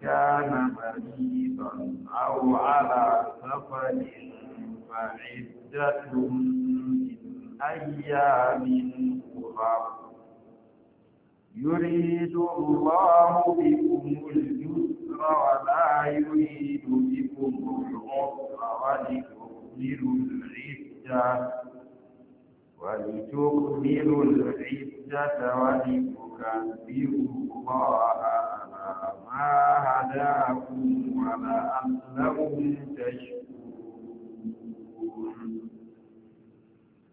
كان مريضا أو على سفر فعدة من أيام أخرى يريد الله بكم اليسر ولا يريد بكم العسر ولتكملوا العدة ولتكملوا العدة ولتكبروا الله ma hada ku wa ma amsalakum tashkurun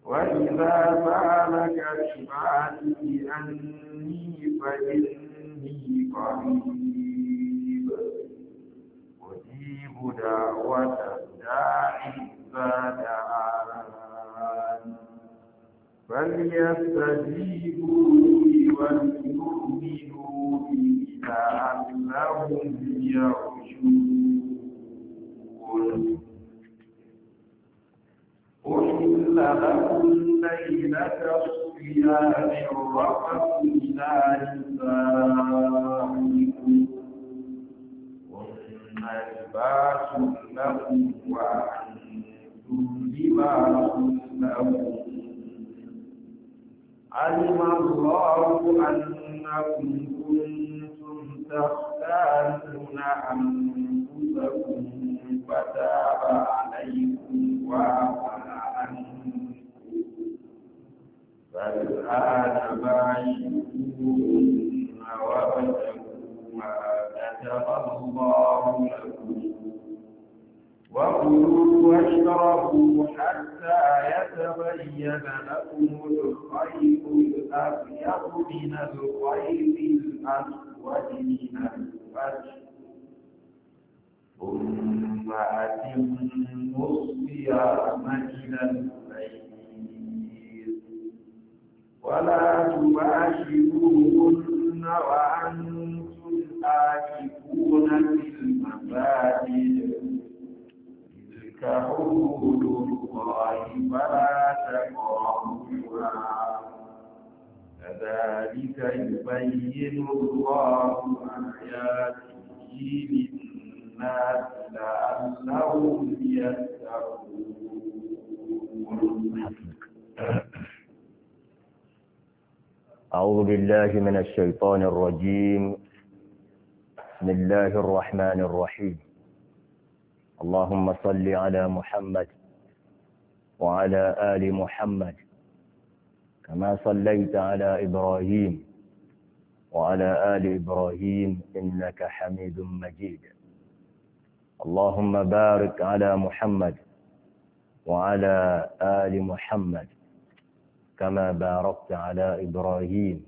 wa idza sa'alaka 'ibadi anni fa inni qareeb ujibu da'wata da'i idza فَلْيَسْتَجِيبُوا لِي وَلْيُؤْمِنُوا بِي لعلهم يرجون أحل لكم ليلة الصيام الرفق إلى نسائكم هن لباس لكم وأنتم لباس لهم علم الله أنكم كنتم تختارون أنفسكم فتاب عليكم وعفى عنكم فالآن بعيدون وابتغوا ما كتب الله لكم وكلوا واشربوا حتى يتبين لكم الخيط الأبيض من الخيط الأسود وجهه الفجر ثم أتم الصيام إلى الليل ولا تباشروهن وأنتم آكفون في المساجد تلك الله فلا تقربوها كذلك يبين الله آياته للناس لعلهم يتقون أعوذ بالله من الشيطان الرجيم بسم الله الرحمن الرحيم اللهم صل على محمد وعلى آل محمد كما صليت على إبراهيم وعلى آل إبراهيم إنك حميد مجيد اللهم بارك على محمد وعلى آل محمد كما باركت على إبراهيم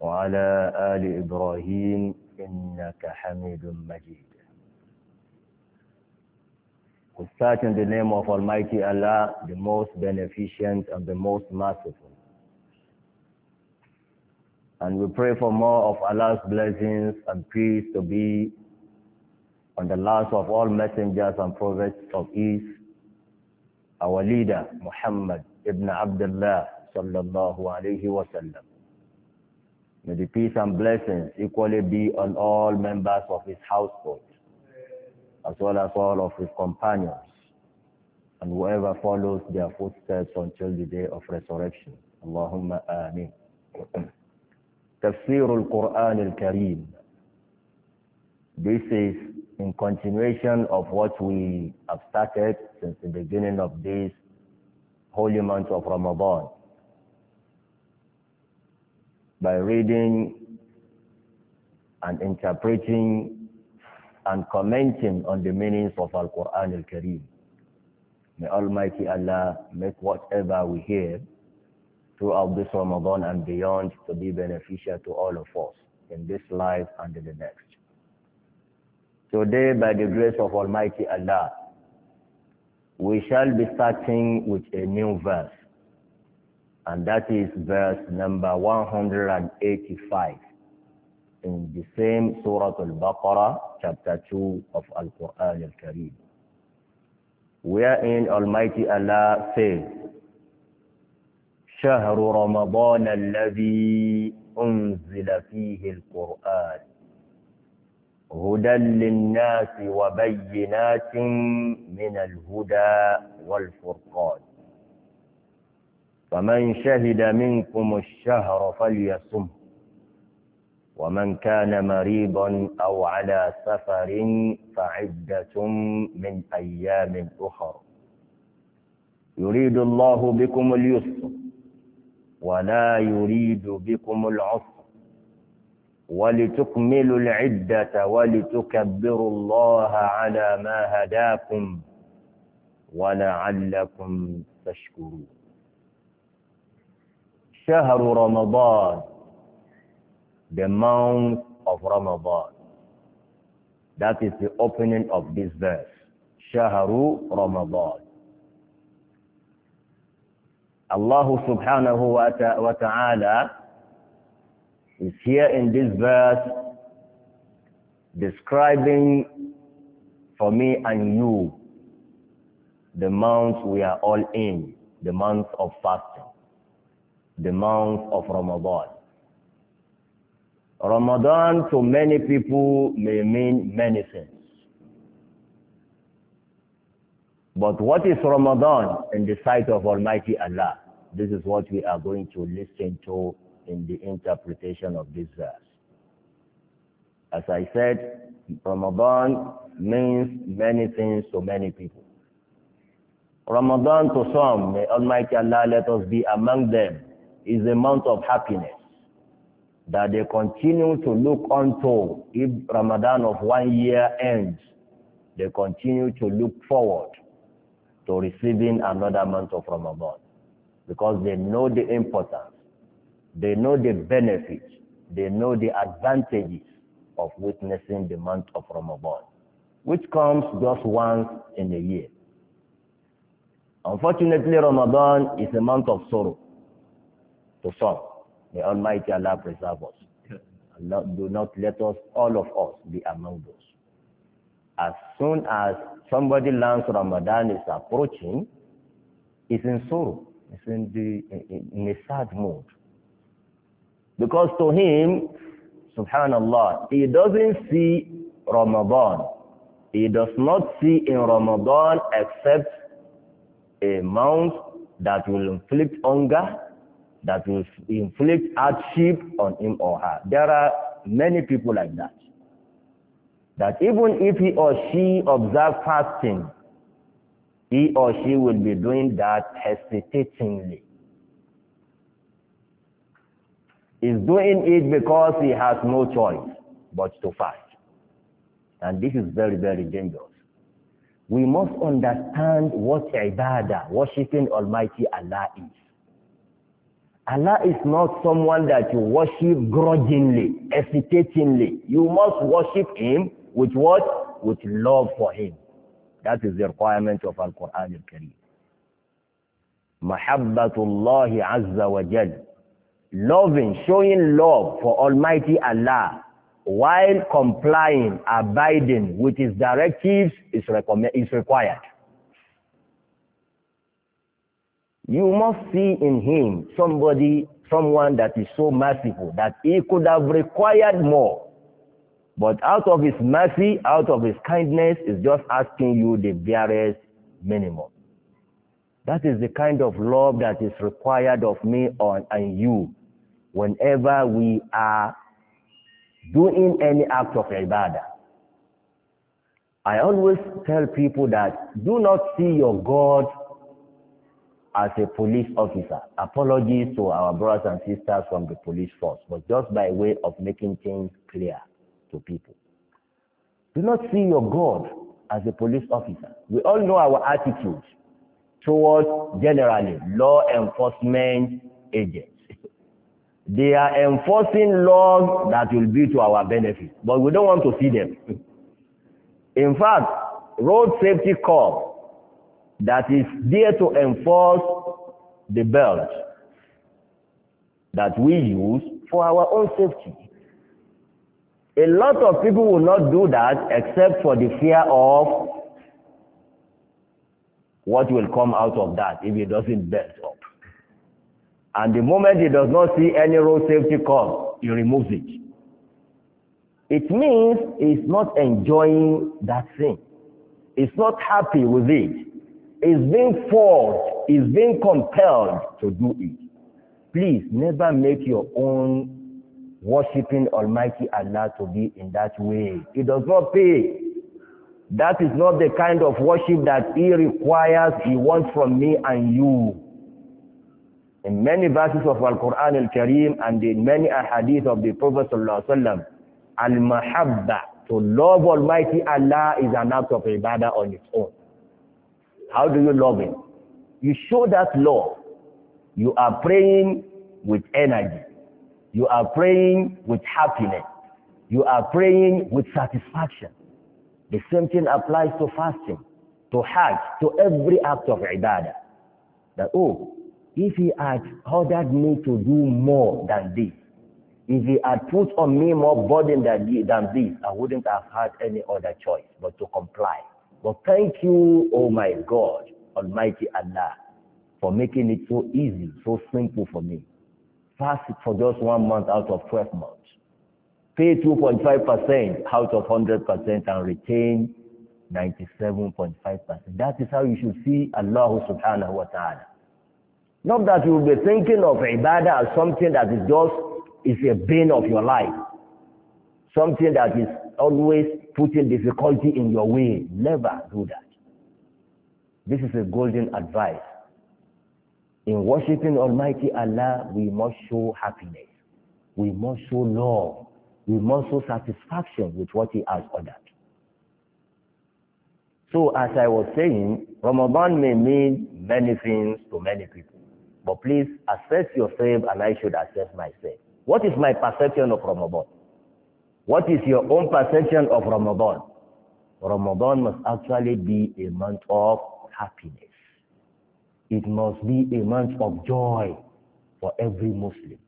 وعلى آل إبراهيم إنك حميد مجيد We start in the name of Almighty Allah, the most beneficent and the most merciful. And we pray for more of Allah's blessings and peace to be on the last of all messengers and prophets of East, our leader, Muhammad ibn Abdullah sallallahu alayhi wa sallam. May the peace and blessings equally be on all members of his household, as well as all of his companions, and whoever follows their footsteps until the day of resurrection. Allahumma ameen. Tafsirul Quran al-Karim. This is in continuation of what we have started since the beginning of this holy month of Ramadan by reading and interpreting and commenting on the meanings of Al-Quran Al-Karim. May Almighty Allah make whatever we hear throughout this Ramadan and beyond to be beneficial to all of us in this life and in the next. Today, by the grace of Almighty Allah, we shall be starting with a new verse, and that is verse number 185 in the same Surah Al-Baqarah, chapter 2 of Al-Quran Al-Kareem, wherein Almighty Allah says, شهر رمضان الذي أنزل فيه القرآن هدى للناس وبينات من الهدى والفرقان فمن شهد منكم الشهر فليصم ومن كان مريضا أو على سفر فعدة من أيام أخر يريد الله بكم اليسر ولا يريد بكم العصر ولتكملوا العدة ولتكبروا الله على ما هداكم ولعلكم تشكرون شهر رمضان the month of Ramadan that is the opening of this verse شهر رمضان Allah subhanahu wa ta'ala is here in this verse describing for me and you the month we are all in, the month of fasting, the month of Ramadan. Ramadan to many people may mean many things. But what is Ramadan in the sight of Almighty Allah? This is what we are going to listen to in the interpretation of this verse. As I said, Ramadan means many things to many people. Ramadan to some, may Almighty Allah let us be among them, is a month of happiness that they continue to look unto if Ramadan of one year ends. They continue to look forward to receiving another month of Ramadan because they know the importance, they know the benefits, they know the advantages of witnessing the month of Ramadan, which comes just once in a year. Unfortunately, Ramadan is a month of sorrow to some. May Almighty Allah preserve us. do not let us, all of us, be among those as soon as somebody learns Ramadan is approaching, is in sorrow, is in, the, in, a sad mood. Because to him, subhanallah, he doesn't see Ramadan. He does not see in Ramadan except a mount that will inflict hunger, that will inflict hardship on him or her. There are many people like that that even if he or she observes fasting, he or she will be doing that hesitatingly. He's doing it because he has no choice but to fast. And this is very, very dangerous. We must understand what ibadah, worshipping Almighty Allah is. Allah is not someone that you worship grudgingly, hesitatingly. You must worship Him with what? With love for him. That is the requirement of Al-Quran al-Kareem. Mahabbatullahi Azza wa Jal. Loving, showing love for Almighty Allah while complying, abiding with his directives is, is required. You must see in him somebody, someone that is so merciful that he could have required more but out of his mercy, out of his kindness, is just asking you the barest minimum. That is the kind of love that is required of me on, and you whenever we are doing any act of ibadah. I always tell people that do not see your God as a police officer. Apologies to our brothers and sisters from the police force, but just by way of making things clear. to people. Do not see your God as a police officer. We all know our attitude towards generally law enforcement agents. They are enforcing laws that will be to our benefit, but we don't want to see them. In fact, road safety corps that is there to enforce the belt that we use for our own safety. A lot of people will not do that except for the fear of what will come out of that if it doesn't belt up. And the moment he does not see any road safety come, he removes it. It means he's not enjoying that thing. He's not happy with it. He's being forced, he's being compelled to do it. Please never make your own Worshipping Almighty Allah to be in that way. It does not pay. That is not the kind of worship that He requires, He wants from me and you. In many verses of Al-Quran Al-Karim and in many ahadith of the Prophet Sallallahu Al-Mahabba, to love Almighty Allah is an act of ibadah on its own. How do you love Him? You show that love. You are praying with energy. You are praying with happiness. You are praying with satisfaction. The same thing applies to fasting, to hajj, to every act of ibadah. That, oh, if he had ordered me to do more than this, if he had put on me more burden than, than this, I wouldn't have had any other choice but to comply. But thank you, oh my God, Almighty Allah, for making it so easy, so simple for me. Pass for just one month out of 12 months. Pay 2.5% out of 100% and retain 97.5%. That is how you should see Allah subhanahu wa ta'ala. Not that you will be thinking of ibadah as something that is just is a bane of your life. Something that is always putting difficulty in your way. Never do that. This is a golden advice In worshiping Almighty Allah, we must show happiness. We must show love. We must show satisfaction with what He has ordered. So as I was saying, Ramadan may mean many things to many people. But please assess yourself and I should assess myself. What is my perception of Ramadan? What is your own perception of Ramadan? Ramadan must actually be a month of happiness. It must be a month of joy for every Muslim.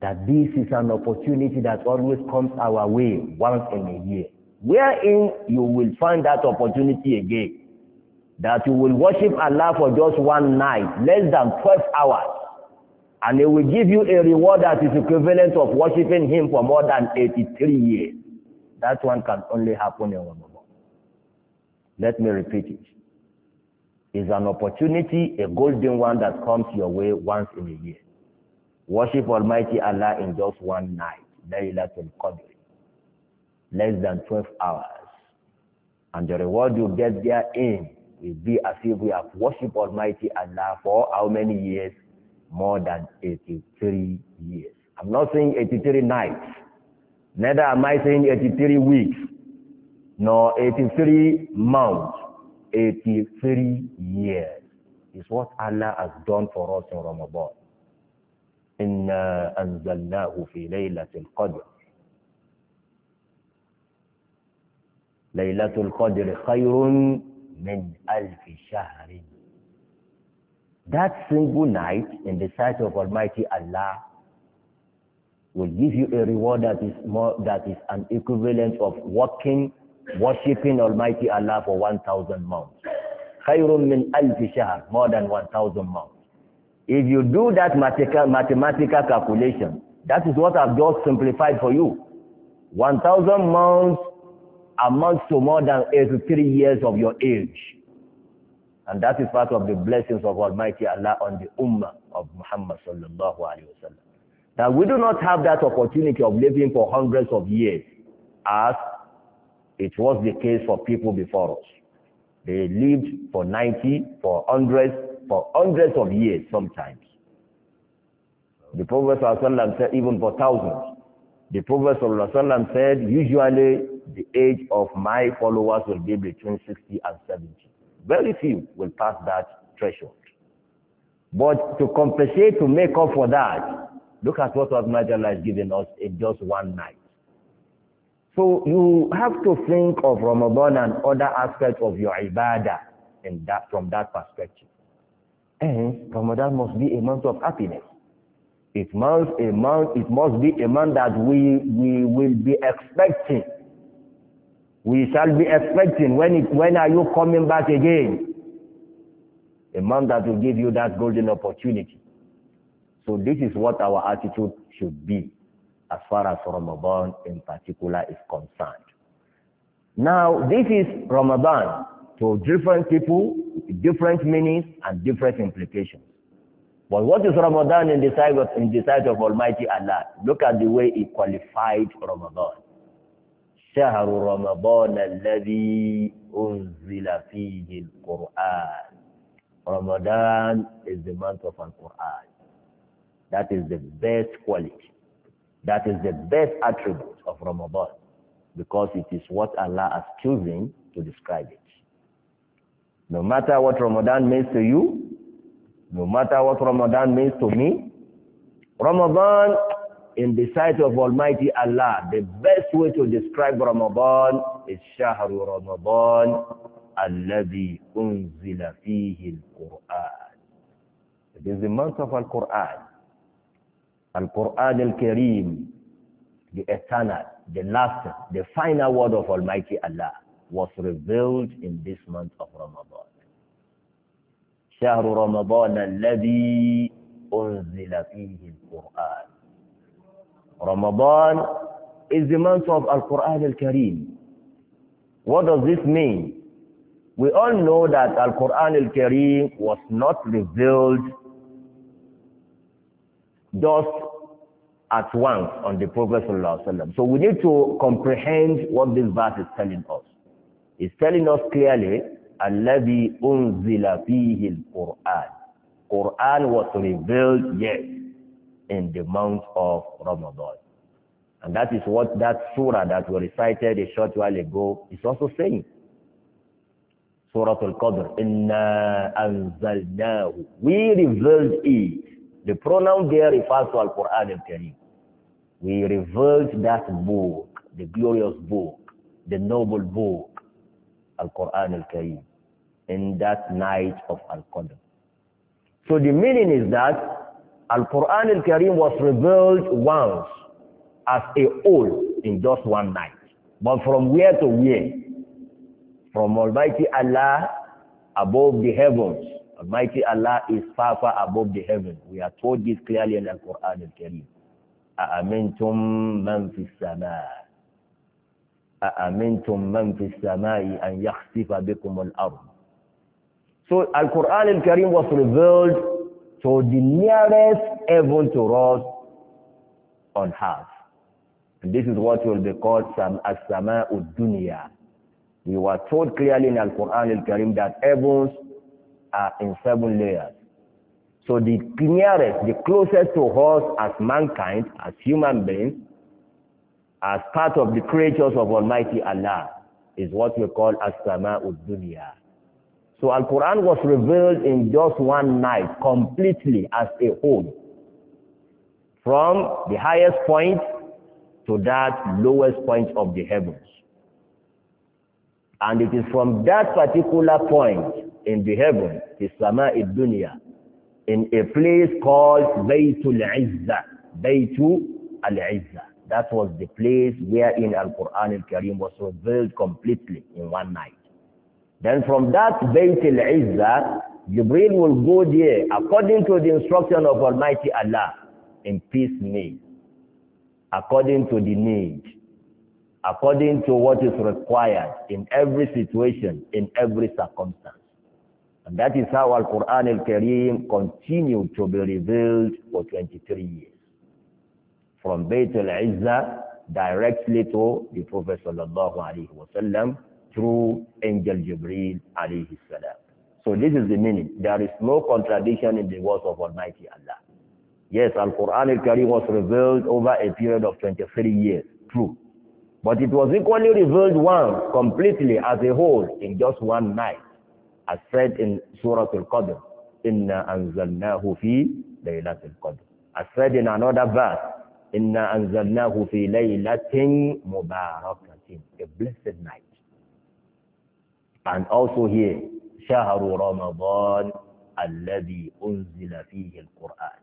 That this is an opportunity that always comes our way once in a year. Wherein you will find that opportunity again. That you will worship Allah for just one night, less than 12 hours. And He will give you a reward that is equivalent of worshiping Him for more than 83 years. That one can only happen in one moment. Let me repeat it. is an opportunity, a golden one that comes your way once in a year. Worship Almighty Allah in just one night, Laylatul Qadr, less than 12 hours. And the reward you get there in will be as if we have worshiped Almighty Allah for how many years? More than 83 years. I'm not saying 83 nights, neither am I saying 83 weeks, nor 83 months 83 years is what Allah has done for us in Ramadan. إِنَّا أَنزَلْنَاهُ فِي لَيْلَةِ الْقَدْرِ لَيْلَةُ qadr خَيْرٌ min alfi شَهْرٍ That single night in the sight of Almighty Allah will give you a reward that is more that is an equivalent of walking worshiping Almighty Allah for 1,000 months. Khairun min Al shahr, more than 1,000 months. If you do that mathematical calculation, that is what I've just simplified for you. 1,000 months amounts to more than 83 years of your age. And that is part of the blessings of Almighty Allah on the Ummah of Muhammad sallallahu alayhi wa sallam. Now we do not have that opportunity of living for hundreds of years as It was the case for people before us. They lived for 90, for hundreds, for hundreds of years sometimes. The Prophet said even for thousands. The Prophet said usually the age of my followers will be between 60 and 70. Very few will pass that threshold. But to compensate, to make up for that, look at what Allah has given us in just one night. So you have to think of Ramadan and other aspects of your ibadah in that, from that perspective. And eh, Ramadan must be a month of happiness. It must, a month, it must be a month that we, we will be expecting. We shall be expecting when, it, when are you coming back again? A month that will give you that golden opportunity. So this is what our attitude should be as far as Ramadan in particular is concerned. Now, this is Ramadan to different people, different meanings, and different implications. But what is Ramadan in the sight of, in the sight of Almighty Allah? Look at the way He qualified Ramadan. شهر رمضان الذي أنزل فيه القرآن Ramadan is the month of Al-Quran. That is the best quality. That is the best attribute of Ramadan because it is what Allah has chosen to describe it. No matter what Ramadan means to you, no matter what Ramadan means to me, Ramadan, in the sight of Almighty Allah, the best way to describe Ramadan is Shahru Ramadan, الذي أنزل فيه القرآن. It is the month of Al-Quran. Al-Quran Al-Kareem, the eternal, the last, the final word of Almighty Allah was revealed in this month of Ramadan. شهر رمضان الذي أنزل فيه القرآن Ramadan is the month of Al-Quran Al-Kareem. What does this mean? We all know that Al-Quran Al-Kareem was not revealed dust at once on the Prophet ﷺ. So we need to comprehend what this verse is telling us. It's telling us clearly, Allah أُنزِلَ فِيهِ Quran. Quran was revealed, yes, in the month of Ramadan. And that is what that surah that we recited a short while ago is also saying. Surah Al-Qadr, إِنَّا أَنزَلْنَاهُ We revealed it the pronoun there refers to Al-Quran al-Karim. We revert that book, the glorious book, the noble book, Al-Quran al-Karim, in that night of Al-Qadr. So the meaning is that Al-Quran al-Karim was revealed once as a whole in just one night. But from where to where? From Almighty Allah above the heavens Almighty Allah is far, far above the heaven. We are told this clearly in the Quran al-Karim. أَأَمِنْتُمْ مَنْ فِي السَّمَاءِ أَأَمِنْتُمْ مَنْ فِي السَّمَاءِ أَنْ يَخْسِفَ al So Al-Quran al-Karim was revealed to the nearest heaven to us on earth. And this is what will be called as-sama'ud dunya. We were told clearly in Al-Quran al-Karim that heavens are in seven layers. So the nearest, the closest to us as mankind, as human beings, as part of the creatures of Almighty Allah, is what we call As-Sama Dunya. So Al-Quran was revealed in just one night, completely as a whole. From the highest point to that lowest point of the heavens. And it is from that particular point in the heaven, the sama dunya, in a place called Baytul Izzah, Baytul Al-Izzah. That was the place wherein Al-Quran al-Karim was revealed completely in one night. Then from that Baytul Izzah, Jibreel will go there according to the instruction of Almighty Allah in peace piecemeal, according to the need, according to what is required in every situation, in every circumstance. And that is how Al-Quran al-Karim continued to be revealed for 23 years. From Bayt al-Izzah directly to the Prophet sallallahu alayhi wa sallam through Angel Jibreel alayhi salam. So this is the meaning. There is no contradiction in the words of Almighty Allah. Yes, Al-Quran al-Karim was revealed over a period of 23 years. True. But it was equally revealed once, completely, as a whole, in just one night as said in Surah Al-Qadr, Inna anzalnahu fi al qadr. As said in another verse, Inna anzalnahu fi laylatin mubarakatin, a blessed night. And also here, شهر رمضان الذي أنزل فيه القرآن.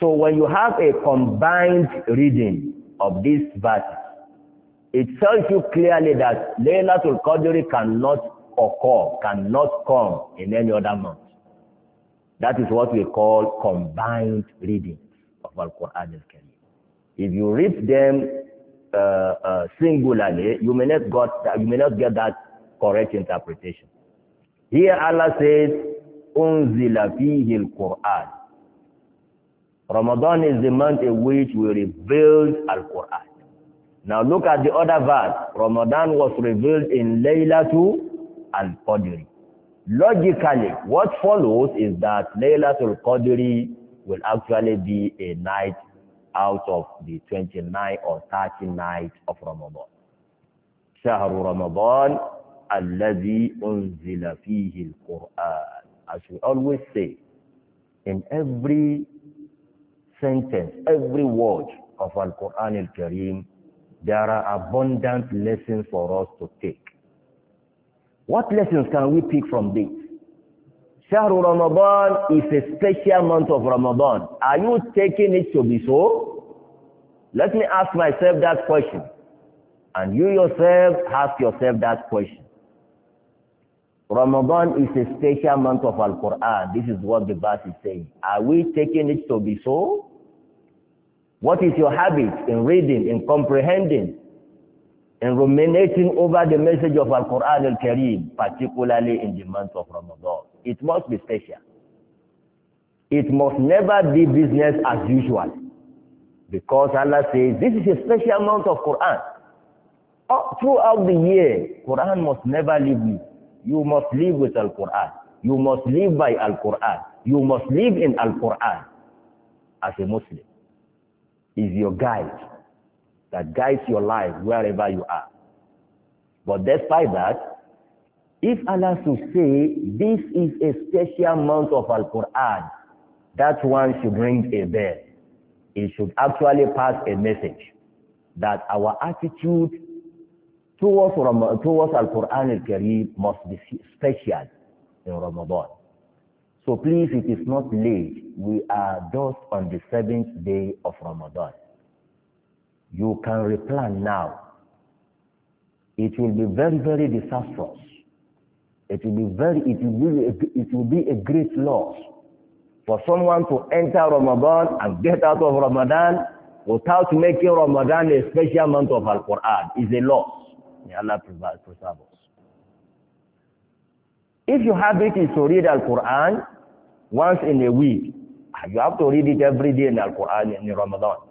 So when you have a combined reading of these verses, it tells you clearly that Laylatul Qadr cannot occur, cannot come in any other month. That is what we call combined reading of Al-Quran al-Karim. If you read them uh, uh, singularly, you may not got you may not get that correct interpretation. Here Allah says, "Unzila fihi al-Quran." Ramadan is the month in which we revealed Al-Quran. Now look at the other verse. Ramadan was revealed in Laylatul al Logically, what follows is that Laylatul Qadr will actually be a night out of the 29 or 30 night of Ramadan. شهر رمضان الذي أنزل فيه القرآن. As we always say, in every sentence, every word of Al-Quran Al-Karim, there are abundant lessons for us to take. What lessons can we pick from this? Shahru Ramadan is a special month of Ramadan. Are you taking it to be so? Let me ask myself that question. And you yourself ask yourself that question. Ramadan is a special month of Al-Quran. This is what the verse is saying. Are we taking it to be so? What is your habit in reading, in comprehending, and ruminating over the message of Al-Quran al-Karim, particularly in the month of Ramadan. It must be special. It must never be business as usual. Because Allah says, this is a special month of Quran. throughout the year, Quran must never leave you. You must live with Al-Quran. You must live by Al-Quran. You must live in Al-Quran as a Muslim. Is your guide that guides your life wherever you are. But despite that, if Allah should say, this is a special month of Al-Quran, that one should ring a bell. It should actually pass a message that our attitude towards, towards Al-Quran al-Kareem must be special in Ramadan. So please, it is not late. We are just on the seventh day of Ramadan you can replan now. It will be very, very disastrous. It will be very, it will be, it will be a great loss for someone to enter Ramadan and get out of Ramadan without making Ramadan a special month of Al-Quran is a loss. May Allah preserve us. If your habit is to read Al-Quran once in a week, you have to read it every day in Al-Quran in Ramadan.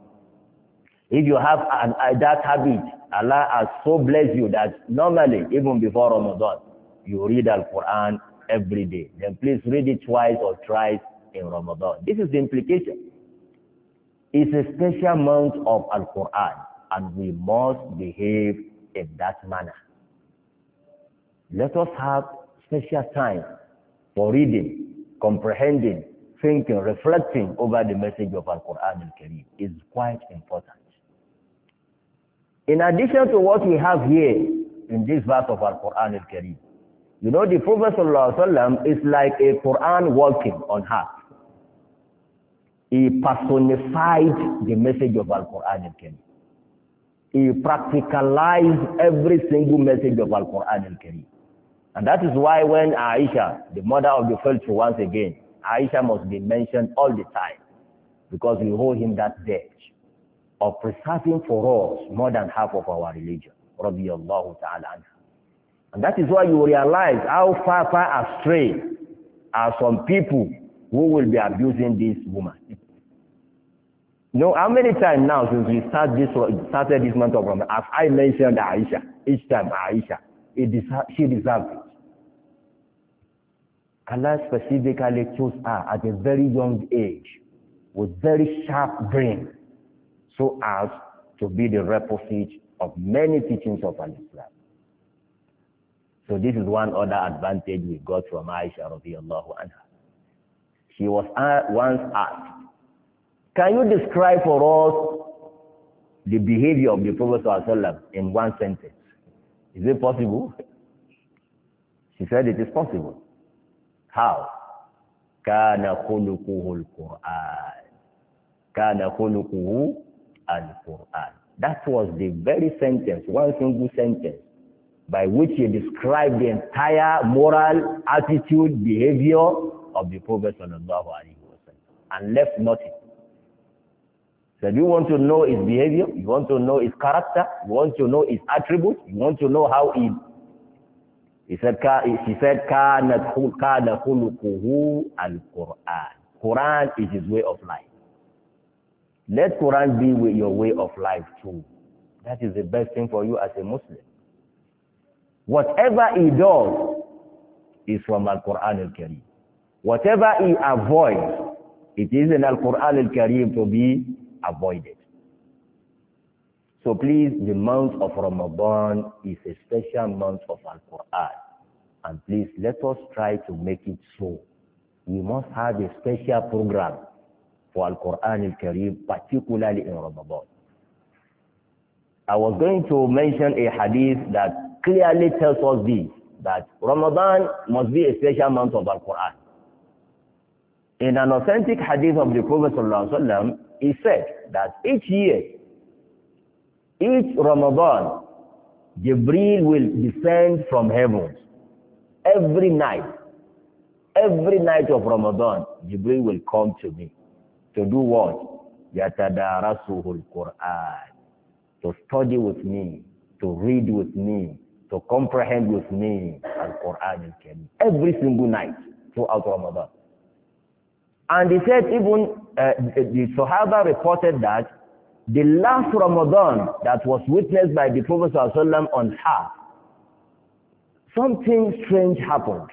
If you have an, that habit, Allah has so blessed you that normally, even before Ramadan, you read Al-Quran every day. Then please read it twice or thrice in Ramadan. This is the implication. It's a special amount of Al-Quran and we must behave in that manner. Let us have special time for reading, comprehending, thinking, reflecting over the message of Al-Quran al-Karim is quite important. In addition to what we have here in this verse of Al-Quran al-Karim, you know the Prophet ﷺ is like a Quran walking on heart. He personified the message of Al-Quran al-Karim. He practicalized every single message of Al-Quran al-Karim. And that is why when Aisha, the mother of the faithful once again, Aisha must be mentioned all the time because we owe him that debt. of preserving for us more than half of our religion. Rabbi Allah Ta'ala. And that is why you realize how far, far astray are some people who will be abusing this woman. You know, how many times now since we start this, started this month of Ramadan, as I mentioned Aisha, each time Aisha, it she deserves it. Allah specifically chose her at a very young age with very sharp brain so as to be the repository of many teachings of Al-Islam. So this is one other advantage we got from Aisha radiallahu anha. She was once asked, can you describe for us the behavior of the Prophet ﷺ in one sentence. Is it possible? She said it is possible. How? كَانَ خُلُقُهُ الْقُرْآنِ كَانَ خُلُقُهُ Al-Quran. That was the very sentence, one single sentence, by which he described the entire moral, attitude, behavior of the Prophet sallallahu alaihi wasallam, and left nothing. So you want to know his behavior, you want to know his character, you want to know his attributes, you want to know how he he said he said kana kana quran Quran is his way of life. Let Quran be with your way of life too. That is the best thing for you as a Muslim. Whatever he does is from Al-Quran al-Kareem. Whatever he avoids, it is in Al-Quran al-Kareem to be avoided. So please, the month of Ramadan is a special month of Al-Quran. And please, let us try to make it so. We must have a special program for Al-Quran al karim particularly in Ramadan. I was going to mention a hadith that clearly tells us this, that Ramadan must be a special month of Al-Quran. In an authentic hadith of the Prophet ﷺ, he said that each year, each Ramadan, Jibril will descend from heaven. every night. Every night of Ramadan, Jibril will come to me. To do what? Yatadarasuhul Quran. To study with me, to read with me, to comprehend with me Al-Quran al Every single night throughout Ramadan. And he said even uh, the Sahaba reported that the last Ramadan that was witnessed by the Prophet ﷺ on something strange happened.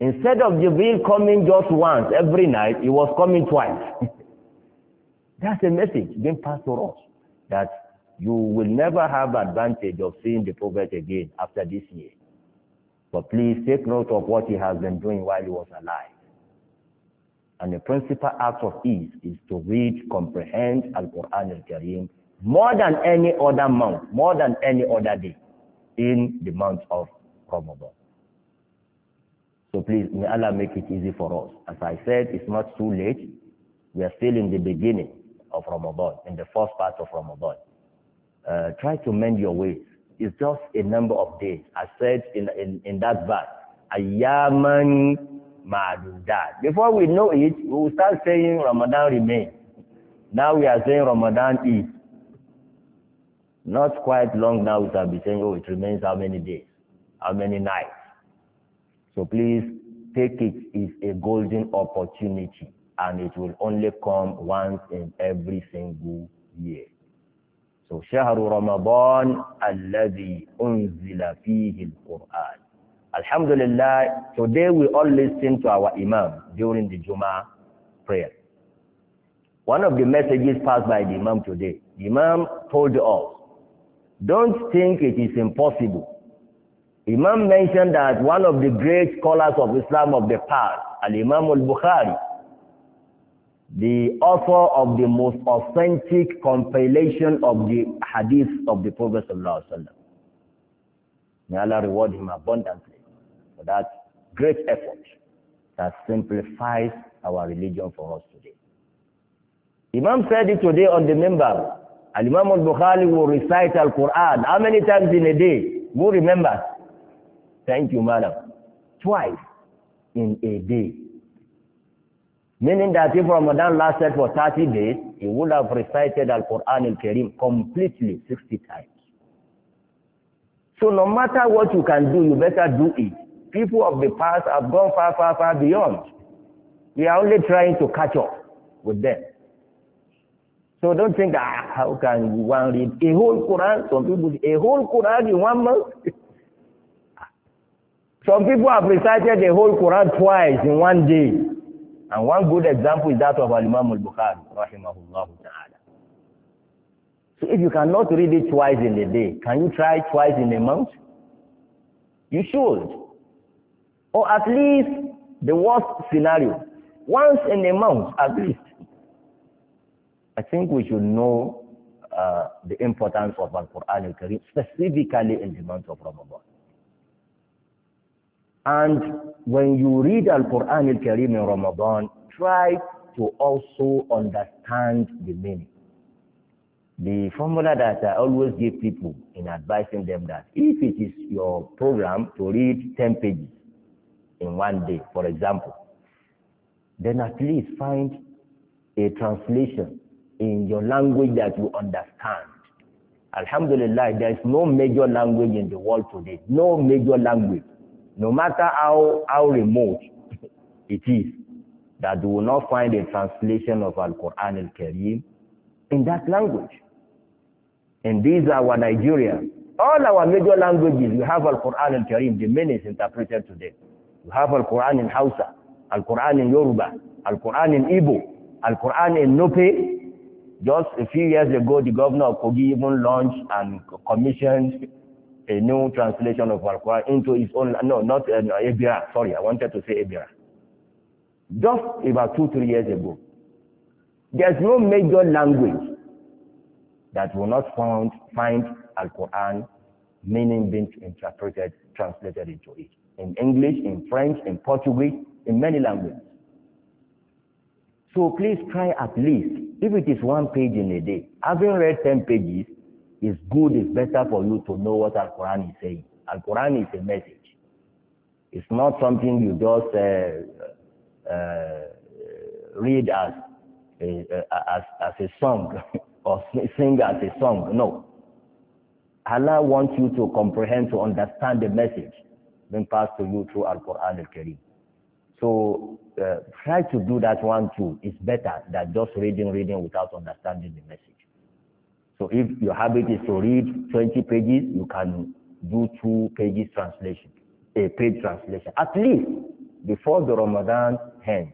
Instead of Jibril coming just once every night, he was coming twice. That's a message being passed to us that you will never have advantage of seeing the prophet again after this year. But please take note of what he has been doing while he was alive. And the principal act of ease is to read, comprehend Al-Quran al-Karim more than any other month, more than any other day in the month of Ramadan. So please, may Allah make it easy for us. As I said, it's not too late. We are still in the beginning of Ramadan, in the first part of Ramadan. Uh, try to mend your ways. It's just a number of days. I said in, in, in that verse, Ayaman madudad." Before we know it, we will start saying Ramadan remains. Now we are saying Ramadan is. Not quite long now we shall be saying, oh, it remains how many days, how many nights. So please take it is a golden opportunity and it will only come once in every single year. So شهر رمضان الذي أنزل فيه القرآن Alhamdulillah, today we all listen to our Imam during the Juma prayer. One of the messages passed by the Imam today, the Imam told us, don't think it is impossible Imam mentioned that one of the great scholars of Islam of the past, Al-Imam al-Bukhari, the author of the most authentic compilation of the hadith of the Prophet Sallallahu Alaihi Wasallam. May Allah reward him abundantly for that great effort that simplifies our religion for us today. Imam said it today on the member. Al-Imam al-Bukhari will recite Al-Quran. How many times in a day? Who remembers? Thank you, madam. Twice in a day. Meaning that if Ramadan lasted for 30 days, he would have recited Al-Quran al Kareem completely 60 times. So no matter what you can do, you better do it. People of the past have gone far, far, far beyond. We are only trying to catch up with them. So don't think, ah, how can one read a whole Quran? Some people, a whole Quran in one month? Some people have recited the whole Quran twice in one day. And one good example is that of Al-Imam al-Bukhari, rahimahullah ta'ala. So if you cannot read it twice in a day, can you try twice in a month? You should. Or at least the worst scenario, once in a month at least. I think we should know uh, the importance of Al-Quran al-Karim, specifically in the month of Ramadan. And when you read Al-Quran Al-Karim in Ramadan, try to also understand the meaning. The formula that I always give people in advising them that if it is your program to read 10 pages in one day, for example, then at least find a translation in your language that you understand. Alhamdulillah, there is no major language in the world today, no major language no matter how, how remote it is, that you will not find a translation of Al-Quran al Kareem in that language. And these are our Nigerians. All our major languages, we have Al-Quran al Kareem, the meaning is interpreted today. We have Al-Quran in Hausa, Al-Quran in Yoruba, Al-Quran in Igbo, Al-Quran in Nope. Just a few years ago, the governor of Kogi even launched and commissioned a new translation of Al-Quran into its own, no, not uh, Ebira, sorry, I wanted to say Ebira. Just about two, three years ago, there's no major language that will not found, find Al-Quran meaning being interpreted, translated into it. In English, in French, in Portuguese, in many languages. So please try at least, if it is one page in a day, having read 10 pages, it's good, it's better for you to know what Al-Quran is saying. Al-Quran is a message. It's not something you just uh, uh, uh read as a, uh, as, as a song or sing as a song. No. Allah wants you to comprehend, to understand the message being passed to you through Al-Quran al So uh, try to do that one too. It's better than just reading, reading without understanding the message. So if your habit is to read 20 pages, you can do two pages translation, a paid translation. At least before the Ramadan ends,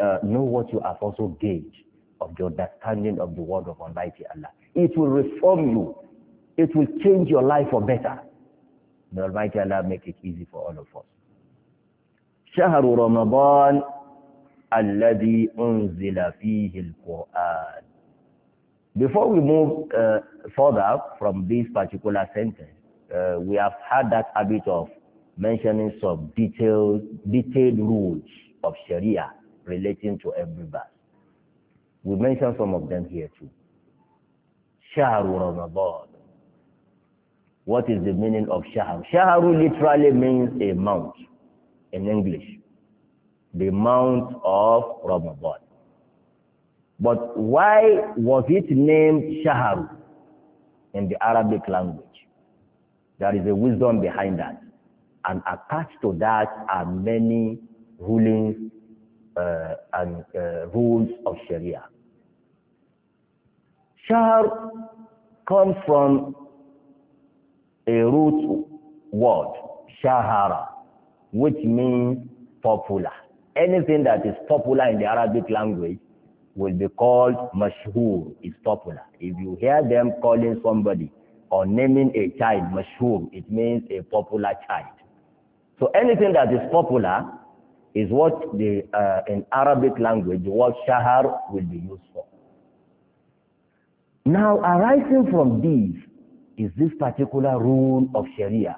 uh, know what you have also gauged of the understanding of the word of Almighty Allah. It will reform you. It will change your life for better. May Almighty Allah make it easy for all of us. شهر رمضان الذي أنزل فيه القرآن before we move uh, further from this particular sentence, uh, we have had that habit of mentioning some detailed, detailed rules of Sharia relating to every verse. We mentioned some of them here too. Shahru Ramadan. What is the meaning of Shahar? Shaharu literally means a mount in English. The mount of Ramadan. But why was it named Shahar in the Arabic language? There is a wisdom behind that. And attached to that are many rulings uh, and uh, rules of Sharia. Shahr comes from a root word, shahara, which means popular. Anything that is popular in the Arabic language will be called mashhur, is popular. If you hear them calling somebody or naming a child mashhur, it means a popular child. So anything that is popular is what the, uh, in Arabic language, the word shahar will be used for. Now, arising from these is this particular rule of Sharia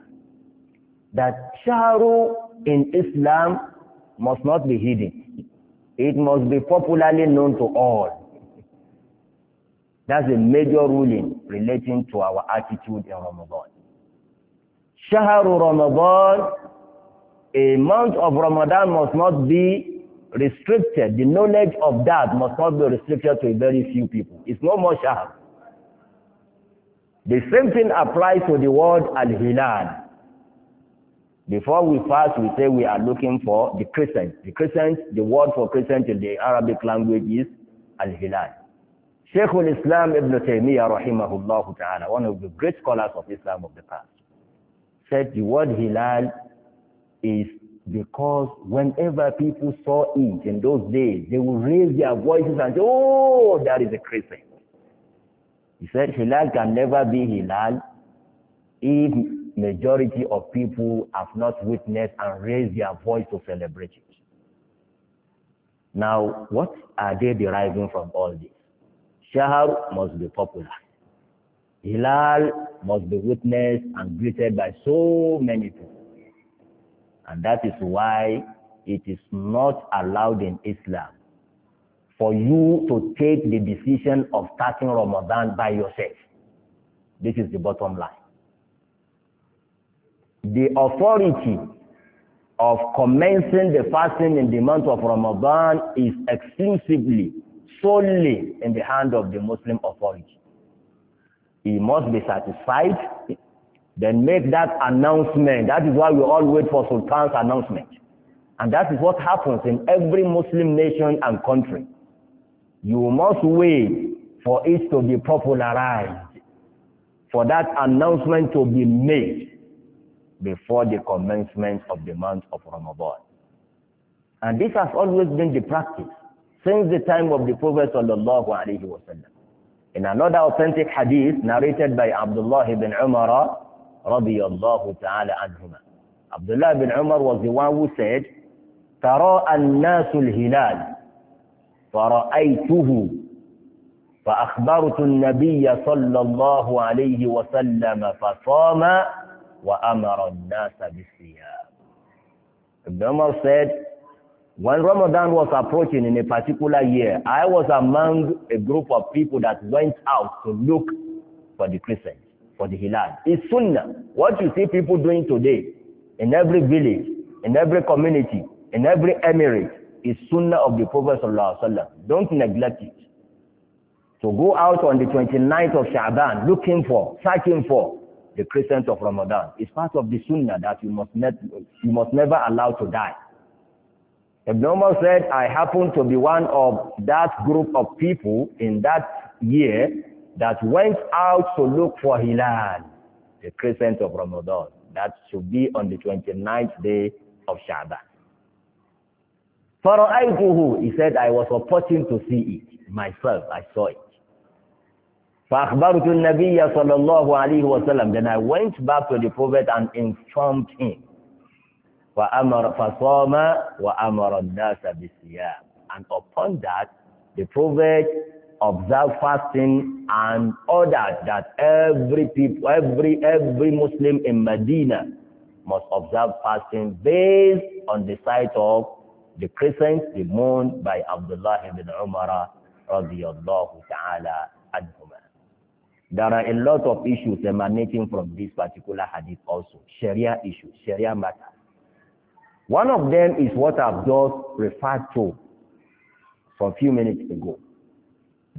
that Shahar in Islam must not be hidden. It must be popularly known to all. That's a major ruling relating to our attitude in Ramadan. Shaharu Ramadan, a month of Ramadan must not be restricted. The knowledge of that must not be restricted to a very few people. It's no more Shahar. The same thing applies to the word Al-Hilal. Before we fast, we say we are looking for the crescent. The crescent, the word for crescent in the Arabic language is al-hilal. sheik al-Islam Ibn Taymiyyah rahimahullah ta'ala, one of the great scholars of Islam of the past, said the word hilal is because whenever people saw it in those days, they would raise their voices and say, oh, that is a crescent. He said, Hilal can never be Hilal if majority of people have not witnessed and raised their voice to celebrate it. Now, what are they deriving from all this? Shahar must be popular. Hilal must be witnessed and greeted by so many people. And that is why it is not allowed in Islam for you to take the decision of starting Ramadan by yourself. This is the bottom line. the authority of commencing the fasting in the month of Ramadan is exclusively, solely in the hand of the Muslim authority. He must be satisfied, then make that announcement. That is why we all wait for Sultan's announcement. And that is what happens in every Muslim nation and country. You must wait for it to be popularized, for that announcement to be made before the commencement of the month of Ramadan. And this has always been the practice since the time of the Prophet sallallahu alaihi wasallam. In another authentic hadith narrated by Abdullah ibn Umar radiyallahu ta'ala anhuma. Abdullah ibn Umar was the one who said, تَرَى النَّاسُ الْهِلَالِ فَرَأَيْتُهُ فَأَخْبَرْتُ النَّبِيَّ صَلَّى اللَّهُ عَلَيْهِ وَسَلَّمَ فَصَامَ wa amara nasa bis-siyam. said, when Ramadan was approaching in a particular year, I was among a group of people that went out to look for the crescent, for the hilal. It's sunnah. What you see people doing today in every village, in every community, in every emirate is sunnah of the Prophet sallallahu Don't neglect it. To go out on the 29th of Sha'ban looking for, searching for, the crescent of Ramadan. It's part of the sunnah that you must, ne- you must never allow to die. Ibn Omar said, I happen to be one of that group of people in that year that went out to look for Hilal, the crescent of Ramadan. That should be on the 29th day of Sha'ban. فَرَأَيْتُهُ He said, I was opportune to see it. Myself, I saw it. فأخبرت النبي صلى الله عليه وسلم then I went back to the prophet and informed him فأمر فصام وأمر الناس بالصيام and upon that the prophet observed fasting and ordered that every people every every Muslim in Medina must observe fasting based on the sight of the crescent, the moon by Abdullah ibn Umar الله تعالى anhum. There are a lot of issues emanating from this particular hadith also. Sharia issues, Sharia matters. One of them is what I've just referred to for a few minutes ago.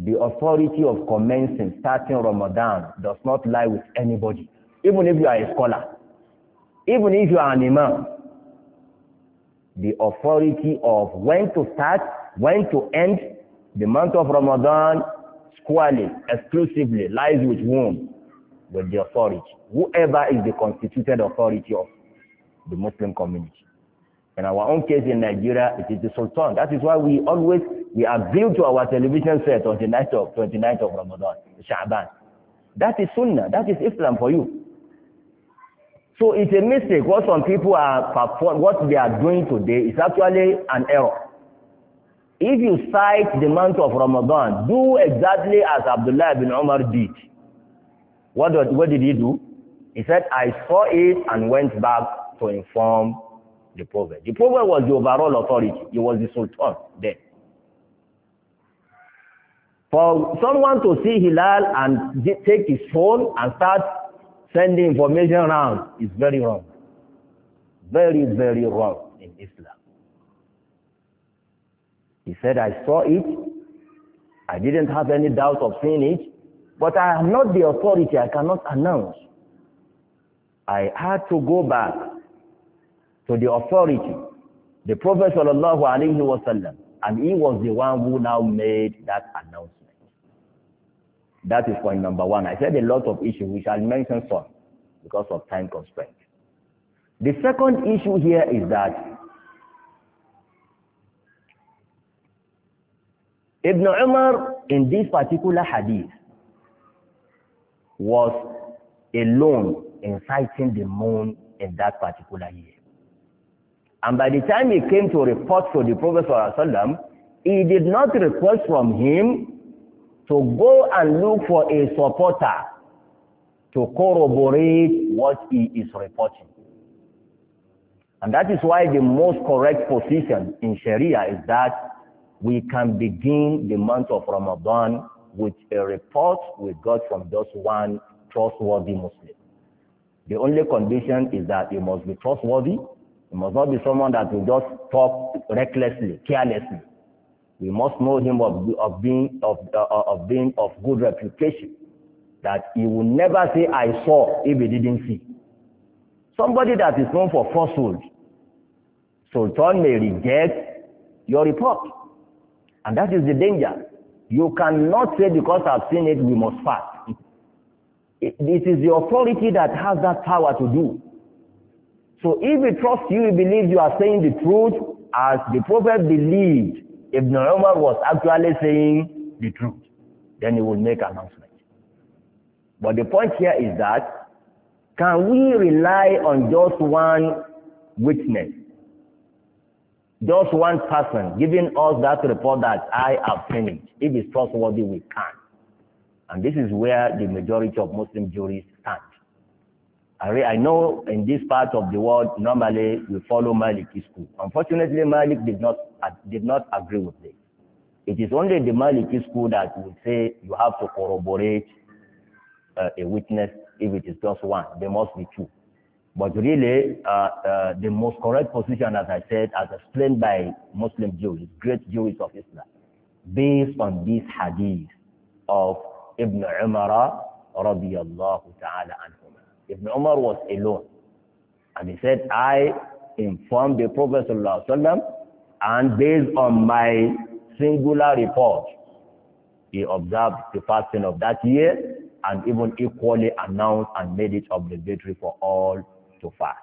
The authority of commencing, starting Ramadan does not lie with anybody, even if you are a scholar, even if you are an imam. The authority of when to start, when to end the month of Ramadan wholly, exclusively lies with whom? With the authority. Whoever is the constituted authority of the Muslim community. In our own case in Nigeria, it is the Sultan. That is why we always, we appeal to our television set on the night of 29th of Ramadan, Sha'ban. That is Sunnah. That is Islam for you. So it's a mistake. What some people are perform, what they are doing today is actually an error. If you cite the month of Ramadan, do exactly as Abdullah bin Umar did. What did, what did he do? He said, I saw it and went back to inform the Prophet. The Prophet was the overall authority. He was the Sultan then. For someone to see Hilal and take his phone and start sending information around is very wrong. Very, very wrong in Islam. He said, I saw it. I didn't have any doubt of seeing it, but I am not the authority. I cannot announce. I had to go back to the authority, the Prophet sallallahu alaihi wasallam, and he was the one who now made that announcement. That is point number one. I said a lot of issues. I'll mention some because of time constraint. The second issue here is that Ibn Umar, in this particular hadith, was alone in sighting the moon in that particular year. And by the time he came to report to the Prophet ﷺ, he did not request from him to go and look for a supporter to corroborate what he is reporting. And that is why the most correct position in Sharia is that we can begin the month of Ramadan with a report we got from just one trustworthy Muslim. The only condition is that it must be trustworthy. It must not be someone that will just talk recklessly, carelessly. We must know him of, of being of, uh, of being of good reputation. That he will never say I saw if he didn't see. Somebody that is known for falsehood, Sultan may reject your report. And that is the danger. You cannot say because I've seen it, we must fast. It, it is the authority that has that power to do. So if he trusts you, he believes you are saying the truth as the prophet believed Ibn Umar was actually saying the truth. Then he will make announcement. But the point here is that can we rely on just one witness Just one person giving us that report that I have finished. If it's trustworthy, we can. And this is where the majority of Muslim jurists stand. I, know in this part of the world, normally we follow Maliki school. Unfortunately, Malik did not, did not agree with this. It is only the Maliki school that will say you have to corroborate uh, a witness if it is just one. They must be two. But really, uh, uh, the most correct position, as I said, as explained by Muslim Jews, great Jews of Islam, based on this hadith of Ibn Umar radiallahu ta'ala anhum. Ibn Umar was alone. And he said, I informed the Prophet sallallahu sallam, and based on my singular report, he observed the fasting of that year and even equally announced and made it obligatory for all to fast.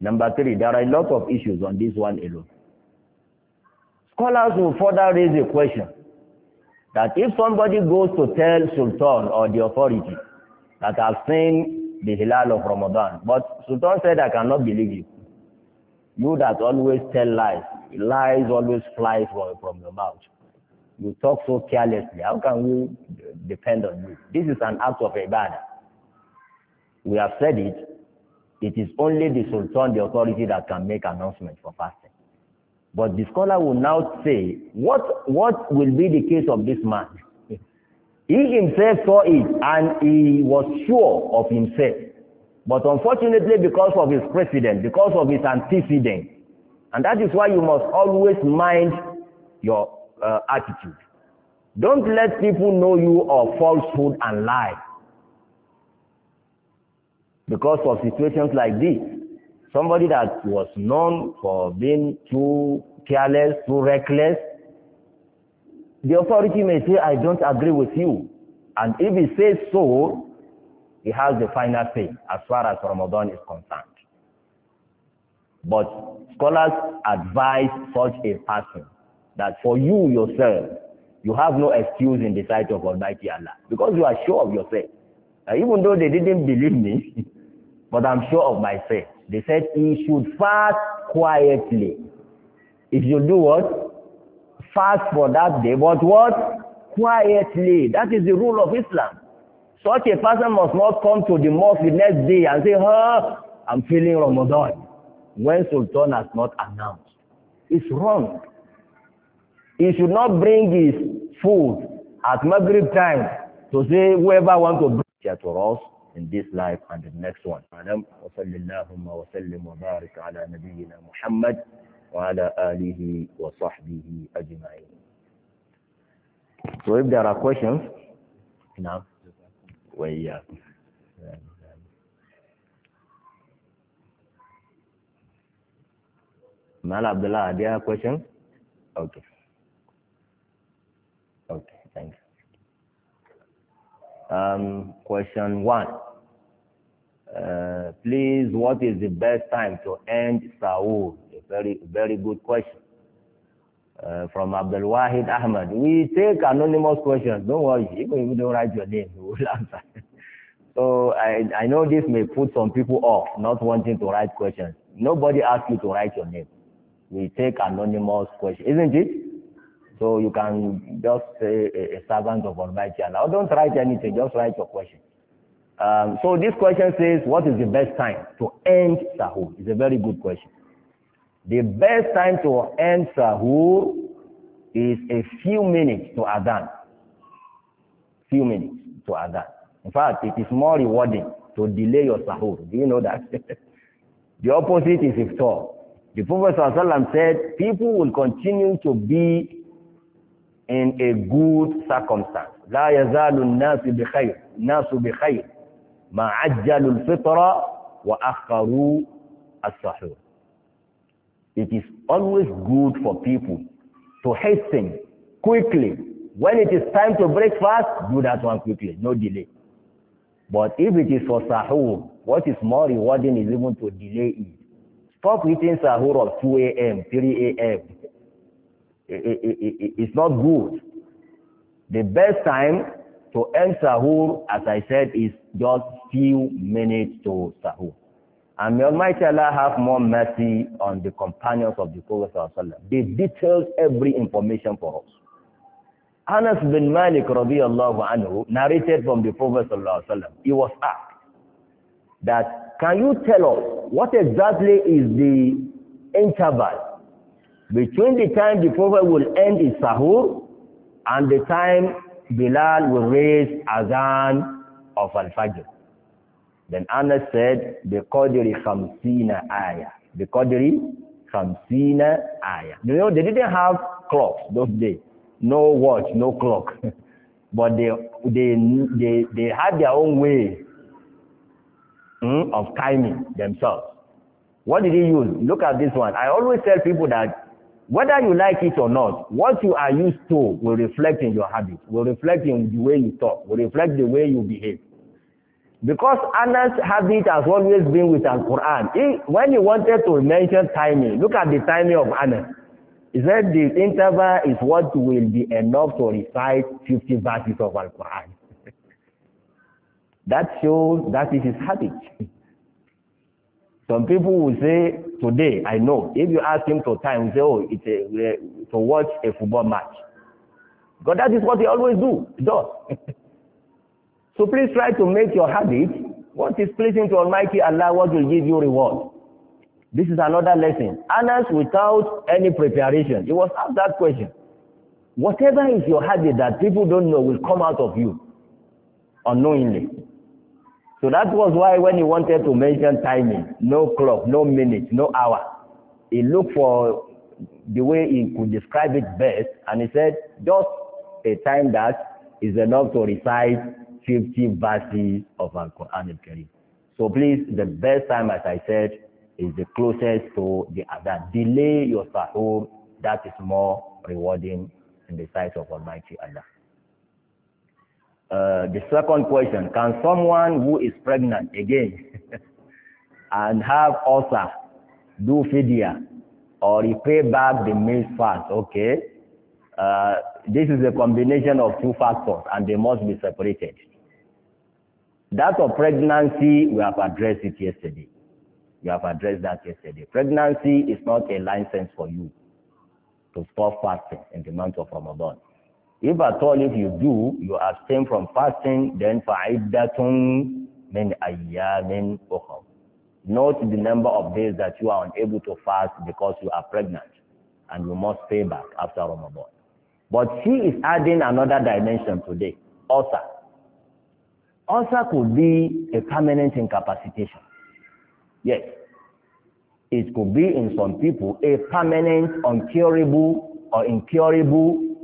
Number three, there are a lot of issues on this one alone. Scholars will further raise a question that if somebody goes to tell Sultan or the authority that I've seen the Hilal of Ramadan, but Sultan said, I cannot believe you. You that always tell lies, lies always flies from your mouth. You talk so carelessly. How can we depend on you? This is an act of ibadah. We have said it, It is only the Sultan, the authority, that can make announcement for fasting. But the scholar will now say, what, what will be the case of this man? he himself saw it and he was sure of himself. But unfortunately, because of his precedent, because of his antecedent, and that is why you must always mind your uh, attitude. Don't let people know you of falsehood and lie. because of situations like this. Somebody that was known for being too careless, too reckless, the authority may say, I don't agree with you. And if he says so, he has the final say as far as Ramadan is concerned. But scholars advise such a person that for you yourself, you have no excuse in the sight of Almighty Allah because you are sure of yourself. Now, even though they didn't believe me, But I'm sure of myself. They said he should fast quietly. If you do what? Fast for that day, but what? Quietly. That is the rule of Islam. Such a person must not come to the mosque the next day and say, huh, I'm feeling Ramadan. When Sultan has not announced. It's wrong. He should not bring his food at Maghrib time to say whoever wants to bring it to us in this life and the next one. Alam wa sallallahu wa sallim wa barik ala nabiyyina Muhammad wa ala alihi wa sahbihi ajma'in. So if there are questions, now, well, yeah. Mal Abdullah, do you questions? Okay. Okay, thanks. Um, question one. Please, what is the best time to end Saul? A very, very good question. Uh, from Abdul Wahid Ahmad. We take anonymous questions. Don't worry, even if you don't write your name, we will answer. so I, I know this may put some people off not wanting to write questions. Nobody asks you to write your name. We take anonymous questions, isn't it? So you can just say a, a servant of Almighty Allah. Don't write anything, just write your question. Um, so this question says, what is the best time to end sahur? It's a very good question. The best time to end sahur is a few minutes to adhan. Few minutes to adhan. In fact, it is more rewarding to delay your sahur. Do you know that? the opposite is iftar. The Prophet said, people will continue to be in a good circumstance. لا يزال الناس بخير. الناس بخير. ma ajjalul fitra wa akharu as-sahur. It is always good for people to hasten quickly. When it is time to break fast, do that one quickly, no delay. But if it is for sahur, what is more rewarding is even to delay it. Stop eating sahur at 2 a.m., 3 a.m. It, it, it, it's not good. The best time To end sahur, as I said, is just few minutes to sahur. And may Almighty Allah have more mercy on the companions of the Prophet They detailed every information for us. Anas bin Malik radiallahu anhu narrated from the Prophet he was asked that, can you tell us what exactly is the interval between the time the Prophet will end his sahur and the time Bilal will raise Azan of Al-Fajr. Then Anas said, Biqadri Khamsina Ayah. Biqadri Khamsina Ayah. You know, they didn't have clocks those days. No watch, no clock. but they, they, they, they had their own way mm, of timing themselves. What did he use? Look at this one. I always tell people that Whether you like it or not, what you are used to will reflect in your habits, will reflect in the way you talk, will reflect the way you behave. Because Anna's habit has always been with Al Quran. He, when he wanted to mention timing, look at the timing of Anna. He said the interval is what will be enough to recite 50 verses of Al Quran. that shows that is his habit. Some people will say today, I know. If you ask him for time, say, oh, it's a, uh, to watch a football match. Because that is what he always do, does. so please try to make your habit what is pleasing to Almighty Allah, what will give you reward. This is another lesson. Anas, without any preparation, he was asked that question. Whatever is your habit that people don't know will come out of you unknowingly. So that was why when he wanted to mention timing, no clock, no minute, no hour, he looked for the way he could describe it best, and he said, just a time that is enough to recite 50 verses of Al-Quran al-Karim. So please, the best time, as I said, is the closest to the other. Delay your sahur, that is more rewarding in the sight of Almighty Allah. Uh, the second question, can someone who is pregnant again and have ulcer do fidya or repay back the missed fast? Okay. Uh, this is a combination of two factors and they must be separated. That of pregnancy, we have addressed it yesterday. You have addressed that yesterday. Pregnancy is not a license for you to stop fasting in the month of Ramadan. If at all, if you do, you abstain from fasting, then فَعِدَّةٌ مِنْ أَيَّامٍ أُخَرَ Note the number of days that you are unable to fast because you are pregnant and you must pay back after Ramadan. But she is adding another dimension today, ulcer. Ulcer could be a permanent incapacitation. Yes. It could be in some people a permanent, uncurable or incurable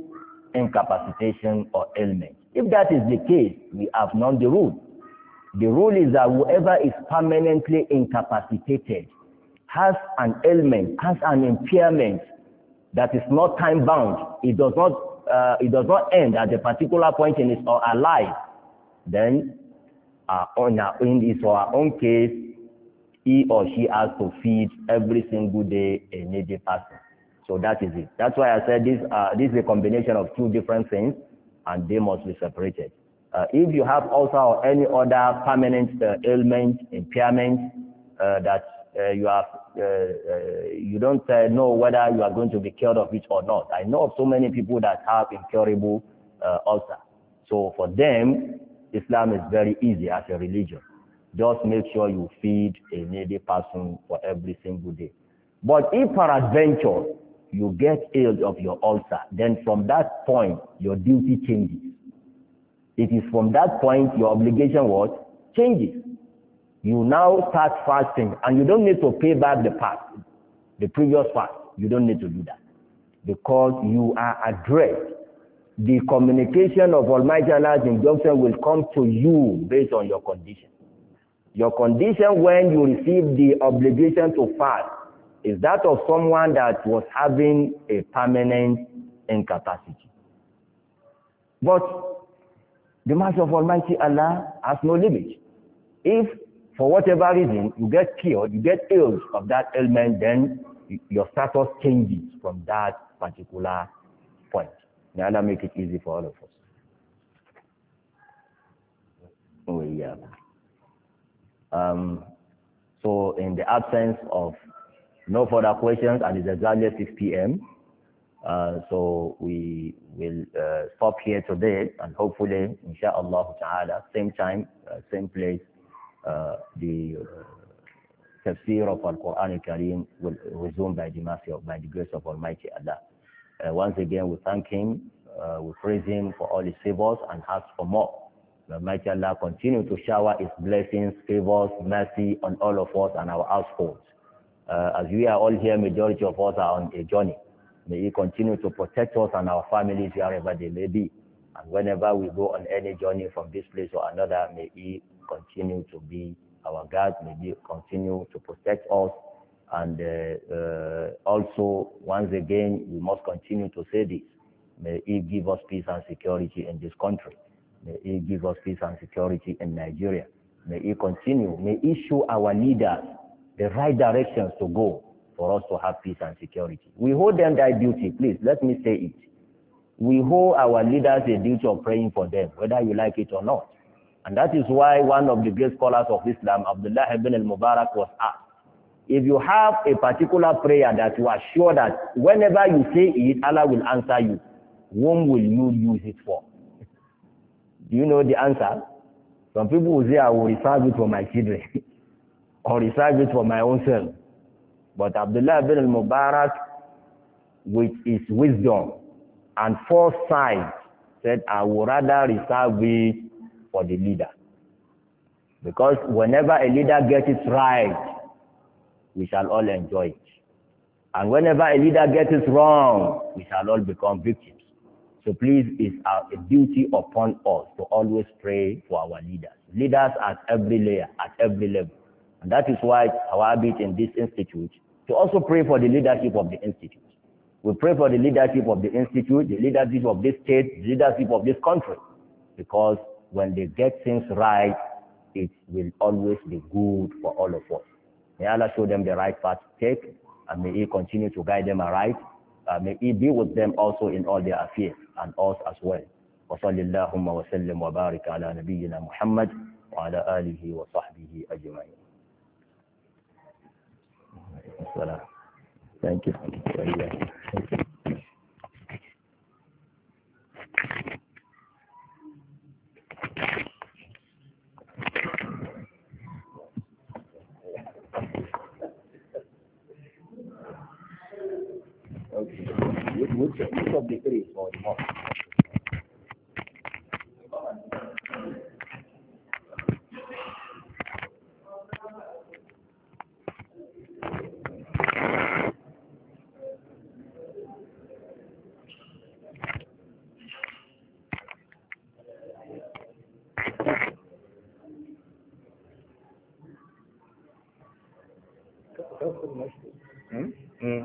incapacitation, or ailment. If that is the case, we have known the rule. The rule is that whoever is permanently incapacitated has an ailment, has an impairment that is not time bound. It does not, uh, it does not end at a particular point in his or her life. Then, uh, on our, in his or her own case, he or she has to feed every single day a needy person. So that is it. That's why I said this, uh, this is a combination of two different things and they must be separated. Uh, if you have also any other permanent uh, ailment, impairment uh, that uh, you have, uh, you don't know whether you are going to be cured of it or not. I know of so many people that have incurable ulcer. So for them, Islam is very easy as a religion. Just make sure you feed a needy person for every single day. But if peradventure you get healed of your ulcer. Then from that point, your duty changes. It is from that point your obligation was changes. You now start fasting and you don't need to pay back the past, the previous fast. You don't need to do that because you are addressed. The communication of Almighty Allah's injunction will come to you based on your condition. Your condition when you receive the obligation to fast is that of someone that was having a permanent incapacity. But the mercy of Almighty Allah has no limit. If for whatever reason you get cured, you get ill of that ailment, then your status changes from that particular point. May Allah make it easy for all of us. Oh yeah. Um, so in the absence of no further questions, and it's exactly 6 p.m. Uh, so we will uh, stop here today, and hopefully, inshallah ta'ala, same time, uh, same place, uh, the uh, tafsir of Al-Quran al Kareem will resume by the mercy of, by the grace of Almighty Allah. Uh, once again, we thank Him, we praise Him for all His favors and ask for more. Almighty Allah continue to shower His blessings, favors, mercy on all of us and our households. Uh, as we are all here, majority of us are on a journey. May He continue to protect us and our families wherever they may be. And whenever we go on any journey from this place or another, may He continue to be our God, may He continue to protect us. And uh, uh, also, once again, we must continue to say this. May He give us peace and security in this country. May He give us peace and security in Nigeria. May He continue. May He show our leaders the right directions to go for us to have peace and security. We hold them that duty, please, let me say it. We hold our leaders a duty of praying for them, whether you like it or not. And that is why one of the great scholars of Islam, Abdullah ibn al-Mubarak, was asked, if you have a particular prayer that you are sure that whenever you say it, Allah will answer you, whom will you use it for? Do you know the answer? Some people will say, I will reserve it for my children. or reserve it for my own self. But Abdullah bin al-Mubarak, with his wisdom and foresight, said, I would rather reserve it for the leader. Because whenever a leader gets it right, we shall all enjoy it. And whenever a leader gets it wrong, we shall all become victims. So please, it's a duty upon us to always pray for our leaders. Leaders at every layer, at every level. And that is why our habit in this institute to also pray for the leadership of the institute. We pray for the leadership of the institute, the leadership of this state, the leadership of this country. Because when they get things right, it will always be good for all of us. May Allah show them the right path to take, and may He continue to guide them aright. Uh, may He be with them also in all their affairs, and us as well. وصل اللهم وسلم وبارك على نبينا محمد وعلى آله وصحبه أجمعين salam. Thank you. Thank you. Okay. Which, which of the three is more important? حق المشروع